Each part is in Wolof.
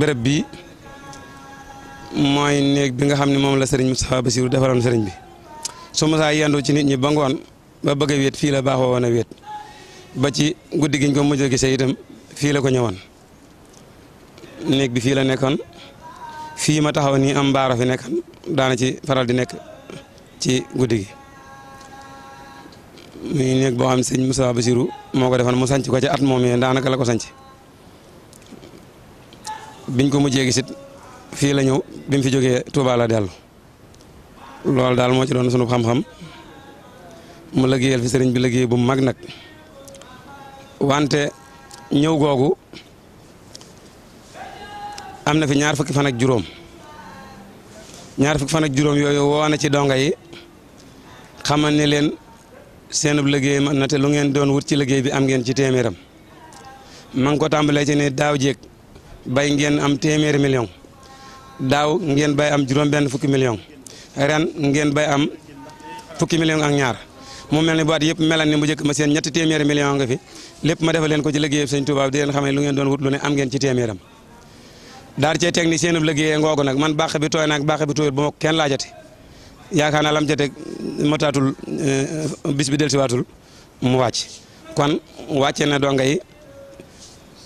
béréb bii mooy néeg bi nga xam ne moom la sëriñ Moustapha Bassirou defaroon sëriñ bi su ma saa yendu ci nit ñi ba ngoon ba bëgg a wéet fii la baaxoo woon a wéet ba ci guddi giñ ko mujj gisee itam fii la ko ñëwoon néeg bi fii la nekkoon fii ma taxaw nii am fi nekkoon daana ci faral di nekk ci guddi gi muy néeg boo xam ne sëriñ Moustapha moo ko defoon mu sanc ko ci at moom yee daanaka la ko sanc biñ ko mujjee gisit fii la ñëw bi mu fi jógee Touba la dellu loolu daal moo ci doon sunu xam-xam mu liggéeyal fi sëriñ bi liggéey bu mag nag wante ñëw googu am na fi ñaar fukki fan juróom ñaar fukki fan juróom yooyu woo na ci donga yi xamal ne leen seenub liggéey mën na te lu ngeen doon wut ci liggéey bi am ngeen ci téeméeram ma ko tàmbalee ci ne daaw jéeg bay ngeen am téeméeri million daaw ngeen bay am juróom-benn fukki million ren ngeen bay am fukki million ak ñaar mu mel ni baat yëpp melal ni mu njëkk ma seen ñett téeméeri million nga fi lépp ma defal leen ko ci liggéeyam sëñ Tuubaa di leen lu ngeen doon wut lu ne am ngeen ci téeméeram daar cee teg ni seen liggéey nag man baax bi tooy nag baax bi tooyul bu ma kenn laajate yaakaar naa lam ca teg motaatul eh, bis bi dellusiwaatul mu wàcc kon wàcce na donga yi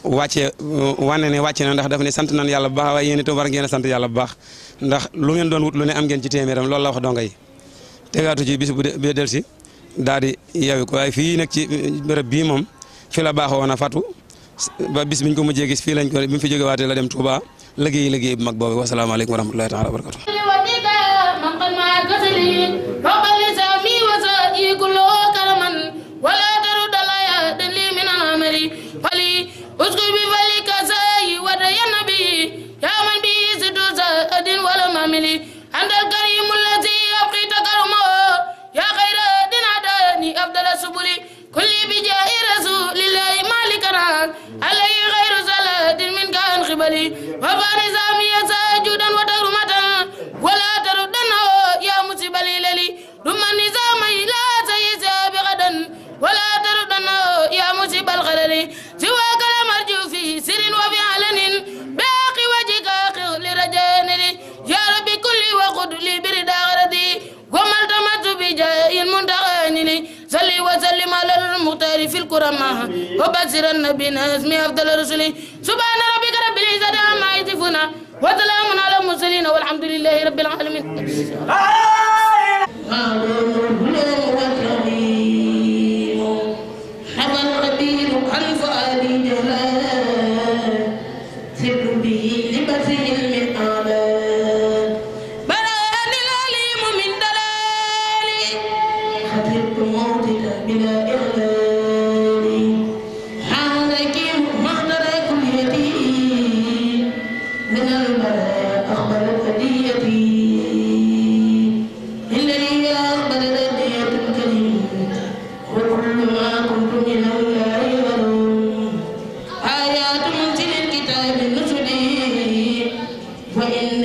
wàcce wane ne wàcce na ndax daf ne sant nañ yàlla bu baax waaye yéen itam war ngeen a sant yàlla bu baax ndax lu ngeen doon wut lu ne am ngeen ci téeméeram loolu la wax donga yi tegaatu ci bis bu del si daal di yeewu ko waaye fii nag ci bërëb bii moom fi la baaxoon a fatu ba bis biñ ko mu gis fii lañ ko bi mu fi waate la dem Touba liggéey liggéey bu mag boobu wasalaamaaleykum wa rahmatulahi taala wa barakatu المختار في الكره معها وبشر النبي نازمي أفضل رسله سبحان ربك رب العزة عما يصفون وسلام على المرسلين والحمد لله رب العالمين آه! el,